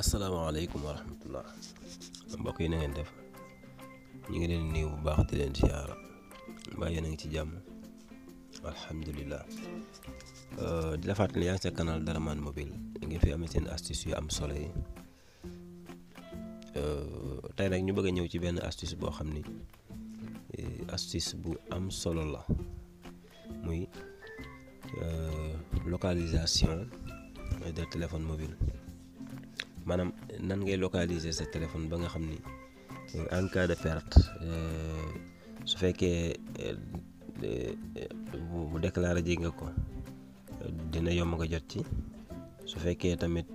asalaamaaleykum wa rahmatullah mbokk yi na def ñu ngi leen néew bu baax di leen siyaara mbaa yéen a ngi ci jàmm alhamdulilah euh, di la fàttali yaa ngi sa canal Daraman Mobile nga fi amee seen astuce yu am solo yi euh, tey nag ñu bëgg ñëw ci benn astuce boo xam ni eh, astuce bu am solo la muy euh, localisation de téléphone mobile maanaam nan ngay localiser sa téléphone ba nga xam ni euh, en cas de perte euh, su fekkee bu euh, déclaré ji nga ko dina yomb nga jot ci su fekkee tamit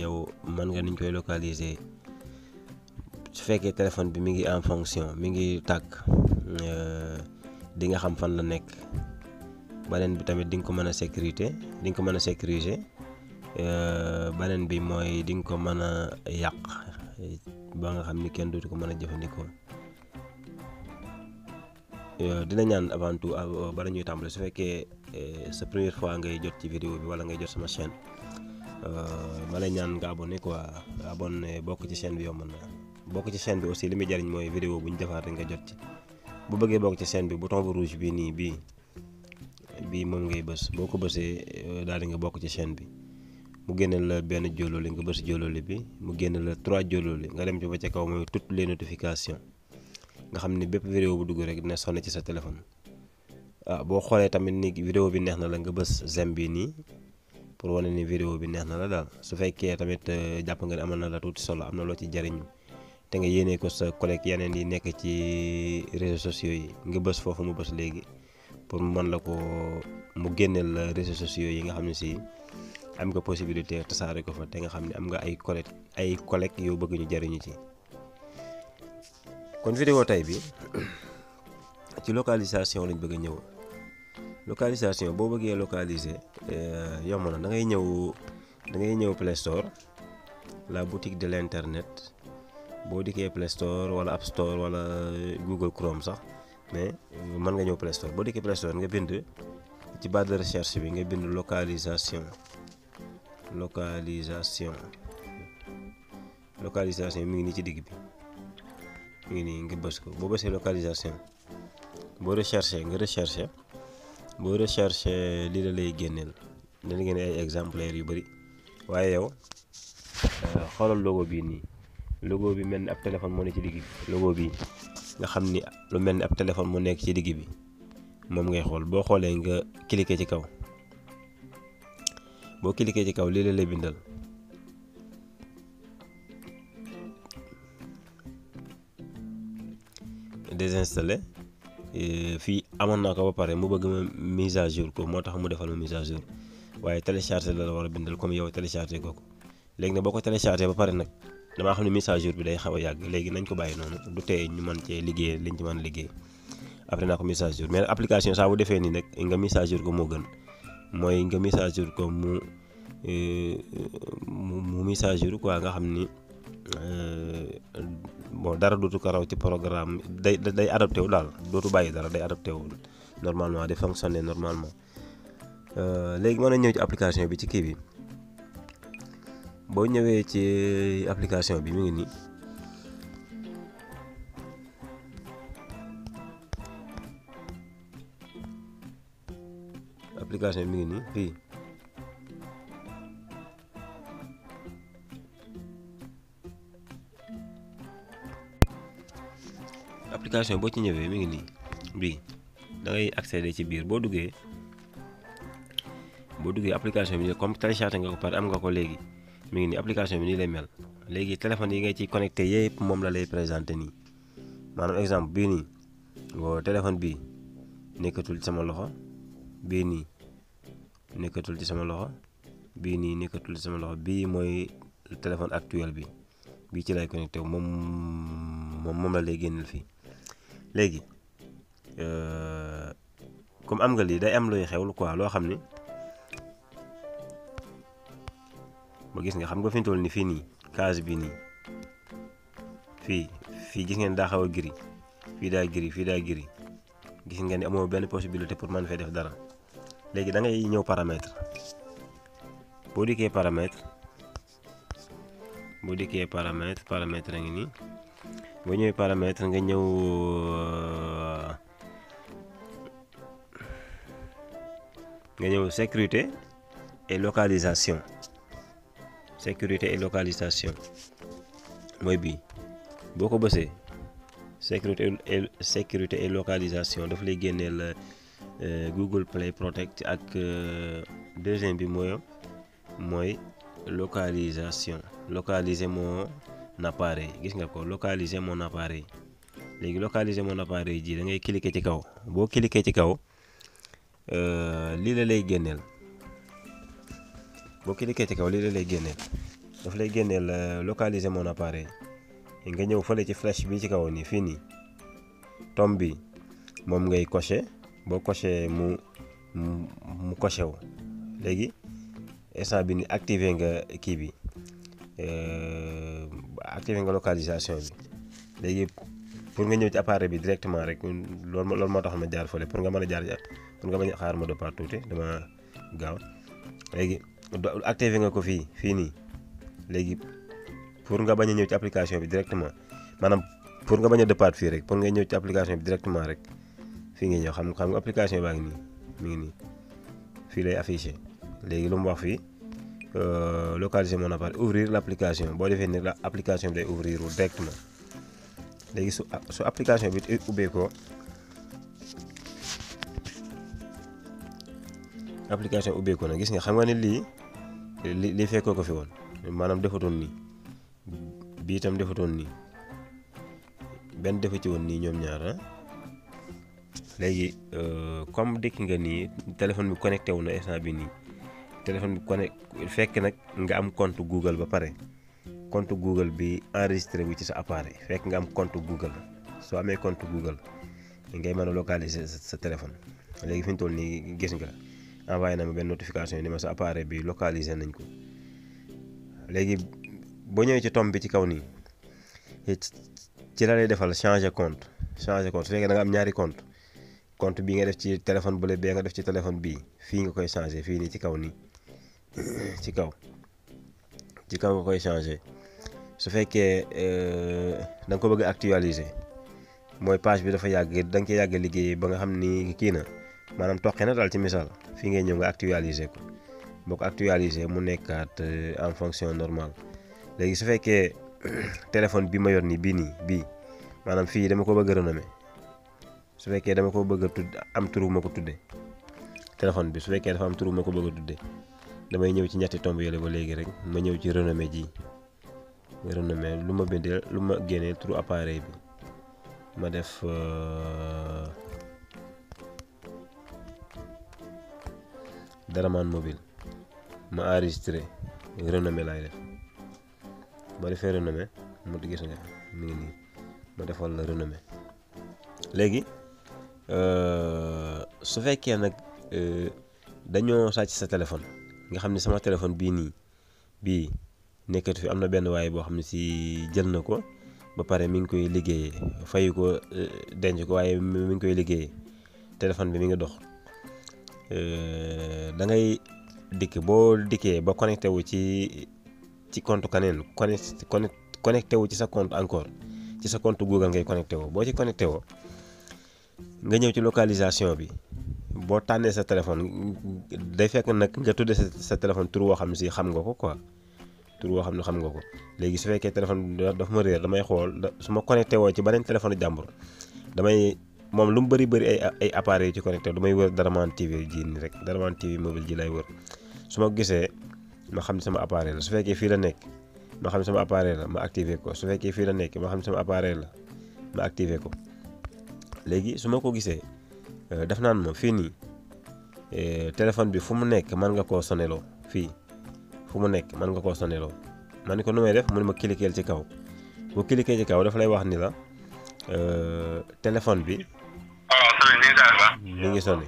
yow mën nga niñ koy localiser su fekkee téléphone bi mi ngi en fonction mi ngi takk di nga xam fan la nekk beneen bi tamit di nga ko mën a sécurité di ko mën a sécuriser. Euh, beneen bi mooy di nga ko mën a yàq ba nga xam ni kenn dootu ko mën a jëfandikoo euh, dina ñaan avant tout euh, bala ñuy tàmbale su fekkee sa première fois ngay jot ci vidéo bi wala ngay jot sama chaîne ma lay ñaan nga abonné quoi abonné bokk ci chaîne bi yomb na bokk ci chaîne bi aussi li muy jariñ mooy vidéo bu ñu defaat rek nga jot ci bu bëggee bokk ci chaîne bi bu bu rouge bi nii bii bii moom ngay bës boo ko bësee daal di nga bokk ci chaine bi mu génneel la benn jololi nga bës jololi bi mu génneel la trois jololi nga dem ci ba ca kaw mooy toutes les notifications nga xam ni bépp vidéo bu dugg rek dina sonné ci sa téléphone ah boo xoolee tamit ni vidéo bi neex na la nga bës j'aime bi nii pour wane ni vidéo bi neex na la daal su fekkee tamit euh, jàpp nga ne amal na la tuuti solo am na loo ci jariñu te nga yéenee ko sa collègue yeneen yi nekk ci réseaux sociaux yi nga bës foofu mu bës léegi pour mu mën la ko mu génneel la réseaux sociaux yi nga xam ne si am nga possibilité tasaare ko fa te nga xam ne am nga ay collègue ay collègue yoo bëgg ñu jariñu ci kon vidéo tey bi ci localisation lañ bëgg ñëw localisation boo bëggee localiser euh, yomb na da ngay ñëw da ngay ñëw Play Store la boutique de l'internet boo dikkee Play Store wala App Store wala euh, Google Chrome sax mais euh, man nga ñëw Play Store boo dikkee Play Store nga bind ci barre recherche bi nga bind localisation localisation localisation mi ngi nii ci digg bi mu ngi nii nga bës ko boo bësee localisation boo recherché nga recherché boo recherché lii la lay génneel dana génne ay exemplaires yu bëri waaye yow euh, xoolal logo bii nii logo bi mel ni ab téléphone moo nekk ci digg bi logo bii nga xam ni lu mel ni ab téléphone mu nekk ci digg bi moom ngay xool boo xoolee nga cliqué ci kaw boo cliquer ci kaw lii la lay bindal désinstaller euh, fii amoon naa ko ba pare mu bëgg ma mise à jour ko moo tax mu defal ma mise à jour waaye télécharger la la war a bindal comme yow télécharger ko ko léegi nag boo ko télécharger ba pare nag damaa xam ne mise à jour bi day xaw a yàgg léegi nañ ko bàyyi noonu du teye ñu mën cee liggéey liñ ci mën liggéey après naa ko mise à jour mais application saa bu defee nii nag nga mise à jour ko moo gë mooy nga message jour ko mu e, mu message jour quoi nga xam ni euh, bon dara dootu ko raw ci programme day day adapté wu daal dootu bàyyi dara day adapté wu normalement di fonctionner normalement euh, léegi mën na ñëw ci application bi ci kii bi boo ñëwee ci application bi mu ngi nii. application bi mi ngi nii fii boo ci ñëwee mi ngi nii bii da ngay accéder ci biir boo duggee boo duggee application bi comme téléchargé nga ko par am nga ko léegi mi ngi nii bi nii lay mel léegi téléphone yi ngay ci connecté yëpp moom la lay présenté nii maanaam exemple bii nii téléphone bii nekkatul sama loxo bii nii nekkatul ci sama loxo bii nii nekkatul ci sama loxo bii mooy téléphone actuel bi bii ci lay connecté wu moom moom la lay génneel fii léegi euh, comme am nga lii day am luy xewlu quoi loo xam ni ba gis nga xam nga fi ni fii nii case bii nii fii fii gis ngeen daa xaw a giri fii daa giri fii daa giri gis nga ni amoo benn possibilité pour mën fee def dara léegi da ngay ñëw paramètre boo dikkee paramètre boo dikkee paramètre paramètre a ngi nii boo ñëwee paramètre nga ñëw euh, nga ñëw sécurité et localisation sécurité et localisation mooy bii boo ko bësee sécurité e sécurité et localisation daf lay génneel. Euh, Google Play Protect ak euh, deuxième bi mooy mooy localisation localiser mon appareil gis nga ko localiser mon appareil léegi localiser mon appareil ji da ngay cliquer ci kaw boo cliquer ci kaw euh, lii la lay génneel boo cliquer ci kaw lii la lay génneel daf lay génneel localiser mon appareil nga ñëw fële ci flèche bi ci kaw nii fii nii tomb bi moom ngay cocher. boo coché mu mu coché wo léegi instant bi ni activé nga kii bi euh, activé nga localisation bi léegi pour nga ñëw ci appareil bi directement rek loolu loolu moo tax ma jaar fële pour nga mën a jaar pour nga bañ a xaar ma départ tuuti dama gaaw léegi activé nga ko fii fii nii léegi pour nga bañ a ñëw ci application bi directement maanaam pour nga bañ a départ fii rek pour nga ñëw ci application bi directement rek fii nga ñëw xam xam nga application baa ngi nii mi ngi nii fii lay affiché léegi lu mu wax fii euh, localiser mon appareil ouvrir la application boo defee ni la application bi day ouvrir directement léegi su su application bi ubbee ko application ubbee gis nga xam nga ne lii lii fekkoo ko fi woon maanaam defatoon nii bii itam defatoon nii benn defu ci woon nii ñoom ñaar ah. léegi euh, comme dikk nga nii téléphone bi connecté wu na instant bi nii téléphone bi connecté fekk nag nga am compte Google ba pare compte Google bi enregistré wu ci sa appareil fekk nga am compte Google soo amee compte Google ngay mën a localiser sa téléphone léegi fi ñu toll nii gis nga envoyé na ma benn notification ni ma sa appareil bi localisé nañ ko léegi boo ñëwee ci tomb bi ci kaw nii ci la defal changer compte changer compte su fekkee da am ñaari compte compte bi nga def ci téléphone bële bee nga def ci téléphone bii fii nga koy changé fii ni ci kaw nii ci kaw ci kaw nga koy changé su fekkee euh, da nga ko bëgg actualiser mooy page bi dafa yàgg danga nga koy yàgg liggéey ba nga xam ni kii na maanaam toqe na daal ci misaal fii ngay ñëw nga actualiser ko boo ko actualiser mu nekkaat euh, en fonction normale léegi su fekkee téléphone bi ma yor nii bii nii bii maanaam fii dama ko bëgg a su fekkee dama ko bëgg a tudd am turu ma ko tuddee téléphone bi su fekkee dafa am turu ma ko bëgg a tuddee damay ñëw ci ñetti tomb yële ba léegi rek ma ñëw ci renommé ji renommé lu ma bindee lu ma génnee turu appareil bi ma def euh, daraman mobile ma enregistré renommé laay def ba defee renommé mu gis nga mi ngi nii ma defal la renommé léegi Euh, su fekkee nag euh, dañoo sàcc sa téléphone nga xam ne sama téléphone bii nii bii nekkatu fi am na benn waaye boo xam ne si jël na ko ba pare mi ngi koy liggéeyee fayu ko euh, denc ko waaye mi ngi koy liggéeyee téléphone bi mi ngi dox da ngay dikk boo dikkee ba connecté wu ci ci compte kaneen connecté connecté wu ci sa compte encore ci sa compte Google ngay connecté woo boo ci connecté woo. nga ñëw ci localisation bi boo tànnee sa téléphone day fekk nag nga tudde sa sa tour tur woo xam ne si xam nga ko quoi tur woo xam ne xam nga ko léegi su fekkee téléphone dafa ma réer damay xool su ma connecté woo ci beneen téléphone jàmbur damay moom lu mu bëri bëri ay ay appareils yu ci connecté damay wër Daraman TV ji nii rek Daraman TV mobile ji lay wër su ma gisee ma xam ne sama appareil la su fekkee fii la nekk ma xam ne sama appareil la ma activé ko su fekkee fii la nekk ma xam ne sama appareil la ma activé ko. léegi su ma ko gisee euh, daf naan ma fii nii euh, téléphone bi fu mu nekk mën nga koo soneloo fii fu mu nekk mën nga koo soneloo ma ni ko nu may def mu ne ma cliquer ci kaw bu cliquer ci kaw dafa lay wax ni la euh, téléphone bi. waaw oh, ngi sonné.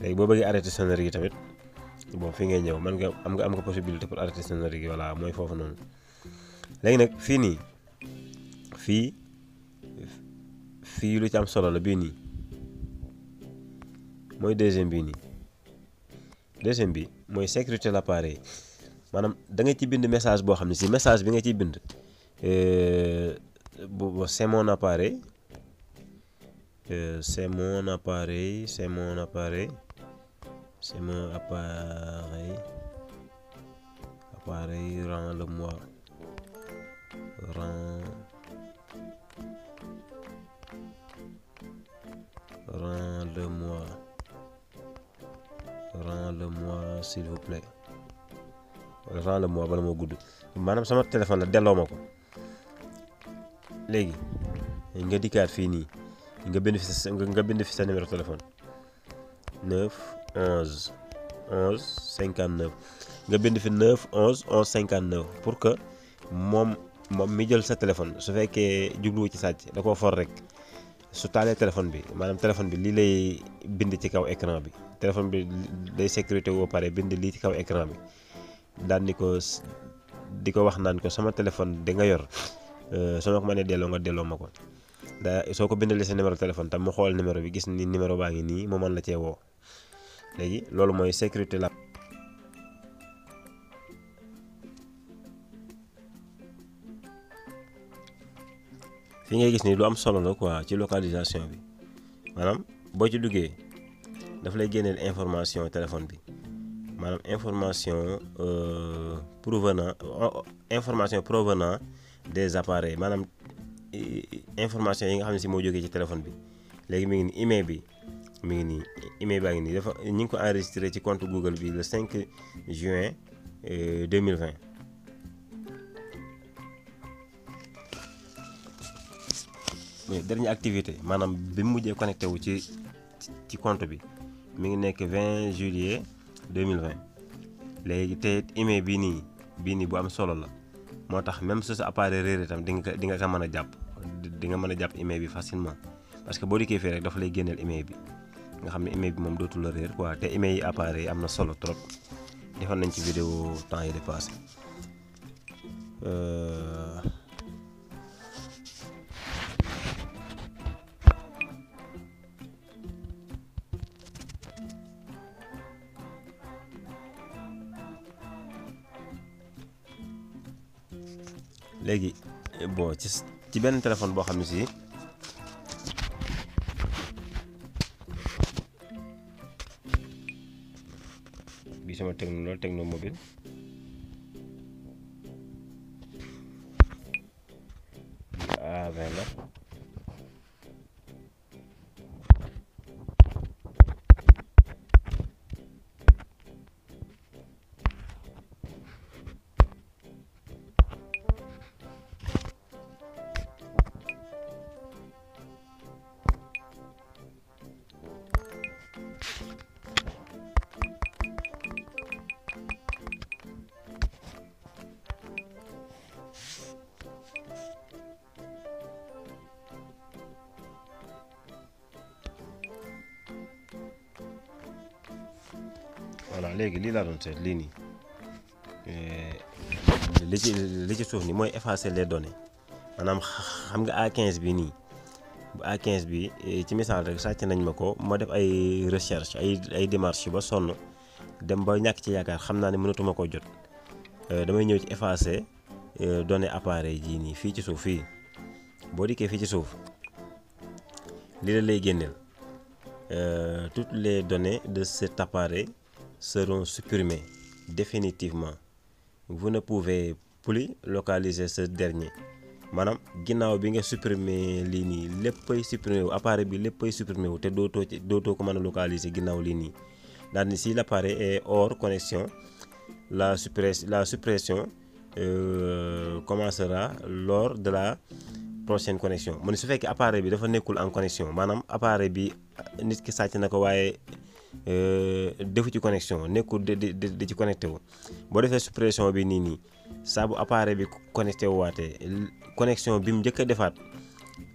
léegi boo bëggee arrêté scénario yi tamit boo fi ngay ñëw man nga am nga am nga possibilité pour arrêté scénario yi voilà mooy foofu noonu léegi nag fii nii fii fii lu ci am solo la bii nii mooy deuxième bii nii deuxième bi mooy sécurité la l'appareil maanaam da nga ci bind message boo xam ne si message bi nga ciy bind euh, bu euh, c'est mon appareil c'est mon appareil c'est c'est mon appareil appareil le moi rend le moi rend le moi le moi bala moo gudd maanaam sama téléphone la delloo ma ko léegi nga dikkaat fii nii nga bind fi sa nga bind fi 11 11 59 nga bind fi 9 11 11 59 pour que moom moom mi jël sa téléphone su fekkee jubluwu ci sàcc da ko for rek su taalee téléphone bi maanaam téléphone bi lii lay bind ci kaw écran bi téléphone bi day sécurité woo pare bind lii ci kaw écran bi daan ni ko di ko wax naan ko sama téléphone di nga yor euh, su ma ko mënee delloo nga delloo ma ko daa soo ko bindalee sa numéro téléphone tam mu xool numéro bi gis ni numéro baa ngi nii mu mën la cee woo. léegi loolu mooy sécurité la fi ngay gis ni lu am solo la quoi ci localisation bi maanaam boo ci duggee daf lay génneel information téléphone bi maanaam information euh, provenant information provenant des appareils maanaam information yi nga xam ne si moo jógee ci téléphone bi léegi mu ngi ni email bi mi ngi nii email baa ngi nii dafa ñu ngi ko enregistré ci compte Google bi le 5 juin 2020 euh, mais dernière activité maanaam bi mu mujjee connecté wu ci ci compte bi mi ngi nekk 20 juillet 2020 léegi te email bii nii bii nii bu am solo la moo tax même su sa appareil réer itam di nga ko di nga ko mën a jàpp di nga mën a jàpp email bi facilement parce que boo dikkee fii rek dafa lay génneel email bi. nga xam ne email bi moom dootul la réer quoi te email yi appareil am na solo trop defoon nañ ci vidéo temps yi dépassé euh, léegi bon ci ci benn téléphone boo xam ne si di sama techno lool techno mobile a ah, vingt léegi lii laa doon seet lii nii eh, li ci li ci suuf nii mooy effacer les données maanaam xam nga A15 bi nii bu A15 bi eh, ci misaal rek sàcc nañ ma ko ma def ay recherche ay ay démarche ba sonn dem ba ñàkk ci yaakaar xam naa ne mënatuma ko jot eh, damay ñëw ci effacer données appareil jii nii fii ci suuf fii boo dikkee fii ci suuf lii la lay génneel toutes les données de cet appareil seront supprimés définitivement vous ne pouvez plus localiser ce dernier maanaam ginnaaw bi nga supprimer lii nii léppay supprimer wu appareil bi léppay supprimer wu te dootoo ci dootoo ko mën a localiser ginnaaw lii nii daal ni si l'appareil est or connexion la suppress la suppression euh, commencera lors de la prochaine connexion mu ne su fekkee appareil bi dafa nekkul en maanaam appareil bi nit ki sàcc na ko waaye. Euh, defu ci connexion nekkul di di di ci connecté wu boo defee suppression bi nii nii saa bu bi connecté wu waatee connexion bi mu njëkk defaat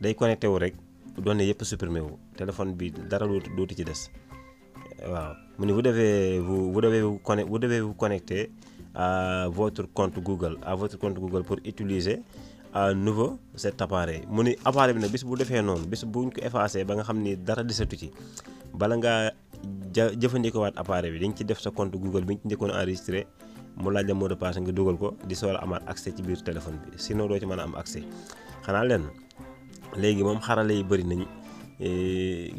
day connecté wu rek données yëpp supprimé wu téléphone bi dara dootu ci des waaw mu ni vous defee vous vous devez vous connect vous votre compte Google à votre compte pour utiliser à nouveau cet appareil mu ni appareil bi nag bis bu defee noonu bis buñ ko effacé ba nga xam ni dara desatu ci bala ngaa ja jëfandikoowaat appareil bi dañ ci def sa compte Google bi ñu ci njëkkoon enregistré mu laaj la de passe nga dugal ko di sool amaat accès ci biir téléphone bi sinon doo ci mën a am accès xanaa lenn léegi moom xarale yi bëri nañu e,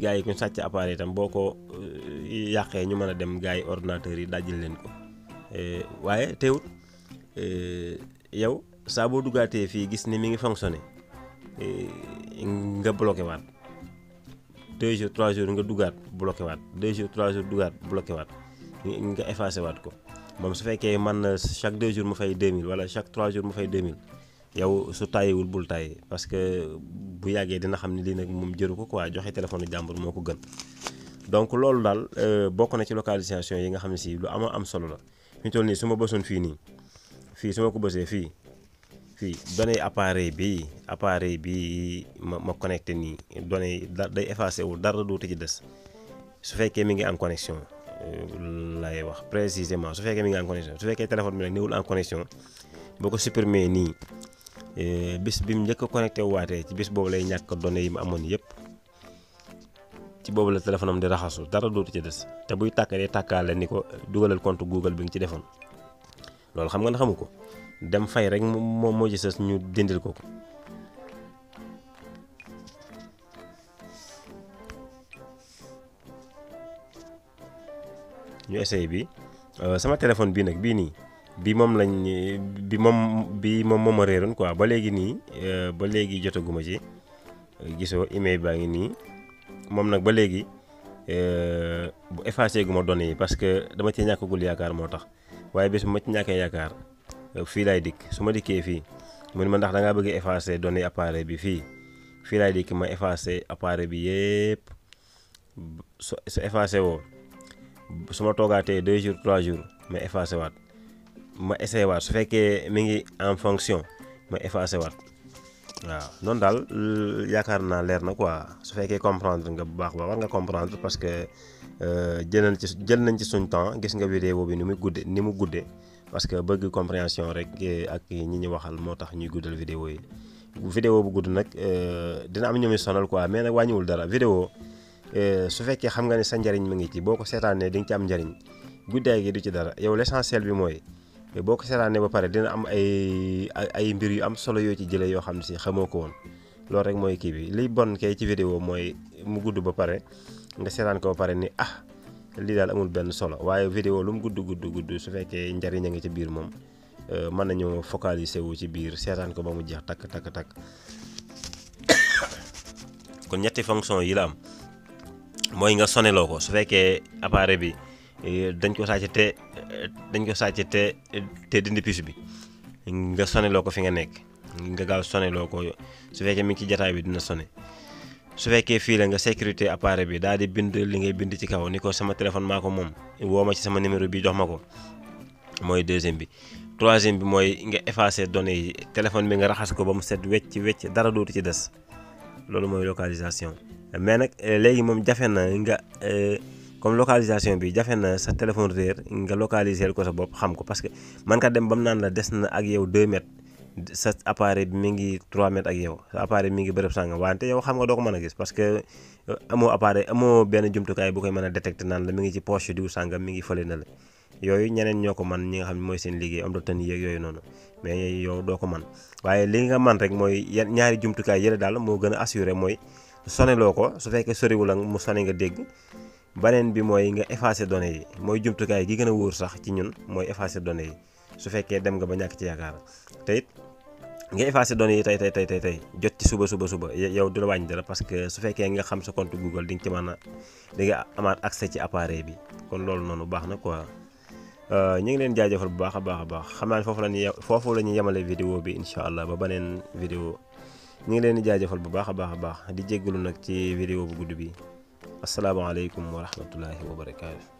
gars yi ñu sàcc appareil tam boo ko e, yàqee ñu mën a dem gars yi ordinateur yi dajjal leen ko e, waaye teewut yow saa boo duggaatee fii gis ni mi ngi fonctionné nga bloqué waat. deux jours trois jours nga duggaat bloqué waat deux jours trois jours duggaat bloqué waat nga effacé waat ko moom su fekkee man na chaque deux jours mu fay 2000 wala chaque trois jours mu fay 2000 yow su tàyyiwul bul tàyyi parce que bu yàggee dina xam ni lii nag moom jëru ko ko quoi joxe téléphone jàmbur moo ko gën donc loolu daal euh, bokk na ci localisation yi nga xam ne si lu ama am solo la fi ñu nii su ma bësoon fii nii fii su ma ko bësee fii si données appareil bi appareil bi ma ma connecté nii données da day effacé wu dara dootu ci des su fekkee mi ngi en connexion euh, lay wax précisément su fekkee mi ngi en connexion su fekkee téléphone bi nag néewul en connexion boo ko supprimer nii euh, bis bi mu njëkk a connecté waatee ci bis boobu lay ñàkk données yi mu amoon yëpp ci boobu la téléphone am di raxasu dara dootu ci des te buy tàkk day tàkkaale ni ko dugalal compte Google bi nga ci defoon loolu xam nga ne xamu dem fay rek moom moo gisee ñu dindil ko ko ñu essayé bi euh, sama téléphone bii nag bii nii bi moom lañ bi moom bi moom moom a réeroon quoi ba léegi nii euh, ba léegi jotaguma ci gisoo email baa ngi nii moom nag ba léegi euh, bu effacé gu ma données yi parce que dama ci ñàkkagul yaakaar moo tax waaye bés bu ma ci ñàkkee yaakaar fii laay dikk su ma dikkee fii mu ne ma ndax dangaa ngaa bëgg effacer données appareil bi fii fii laay dikk ma effacer appareil bi yëpp su su effacer woo su ma toogaatee deux jour trois jours ma effacer waat ma essayé waat su fekkee mi ngi en fonction ma effacer waat waaw noonu daal yaakaar naa leer na quoi su fekkee comprendre nga bu baax ba war nga comprendre parce que euh, jël nañ ci jël nañ ci suñ temps gis nga vidéo bi ni muy gudde ni mu gudde parce que bëgg compréhension rek eh, ak ñi ñu waxal moo tax ñuy guddal vidéo yi vidéo bu gudd nag eh, dina am ñoomi sonal quoi mais nag wàññiwul dara vidéo eh, su fekkee xam nga ne sa njariñ mu ngi ci boo ko seetaanee di ci am njariñ guddaay gi du ci dara yow l'essentiel bi mooy boo ko seetaanee ba pare dina am ay ay mbir yu am solo yoo ci jëlee yoo xam ne si xamoo ko woon loolu rek mooy kii bi liy bon kay ci vidéo mooy mu gudd ba pare nga seetaan ko ba pare ni ah lii daal amul benn solo waaye vidéo lu mu gudd gudd gudd su fekkee njariñ a ngi ci biir moom euh, mën nañoo focaliser wu ci biir seetaan ko ba mu jeex takk takk takk kon ñetti fonction yi la am mooy nga soneloo ko su fekkee appareil bi euh, dañ ko sàcc te euh, dañ ko sàcc te te bi nga soneloo ko fi nga nekk nga gaaw soneloo ko su fekkee mi ngi ci jataay bi dina sone su fekkee fii la nga sécurité appareil bi daal di bind li ngay bind ci kaw ni ko sama téléphone maa ko moom woo ma ci sama numéro bi jox ma ko mooy deuxième bi troisième bi mooy nga effacer données yi téléphone bi nga raxas ko ba mu set wecc wecc dara dootu ci des loolu mooy localisation mais nag euh, léegi moom jafe na nga euh, comme localisation bi jafe na sa téléphone réer nga localiser ko sa bopp xam ko parce que man ka dem ba mu naan la des na ak yow deux mètres sa appareil bi mi ngi 3 mètres ak yow sa appareil bi mi ngi bërëb sàngam wante yow xam nga doo ko mën a gis parce que euh, amoo appareil amoo benn jumtukaay bu koy mën a détecter naan la mi ngi ci poche diw sàngam mi ngi fële na la yooyu ñeneen ñoo ko man ñi nga xam ne mooy seen liggéey am datan yéeg yooyu noonu mais yow doo ko man waaye li nga man rek mooy ñaari jumtukaay yële daal moo gën a assuré mooy soneloo ko su fekkee soriwul ak mu sone nga dégg beneen bi mooy nga effacer données yi mooy jumtukaay gi gën a wóor sax ci ñun mooy effacer données yi su fekkee dem nga ba ñàkk ci yaakaar te nga effacé données yi tey tey tey tey tey jot ci suba suba suba yow du la wàññi dara parce que su fekkee nga xam sa compte Google di nga ci mën a di nga amaat accès ci appareil bi kon loolu noonu baax na quoi euh, ñu ngi leen jaajëfal bu baax a baax a baax xam foofu la ñuy foofu la ñuy yemale vidéo bi incha allah ba beneen vidéo ñu ngi leen di jaajëfal bu baax a baax a baax di jéggalu nag ci vidéo bu gudd bi asalaamaaleykum wa rahmatullahi wa barakaatu.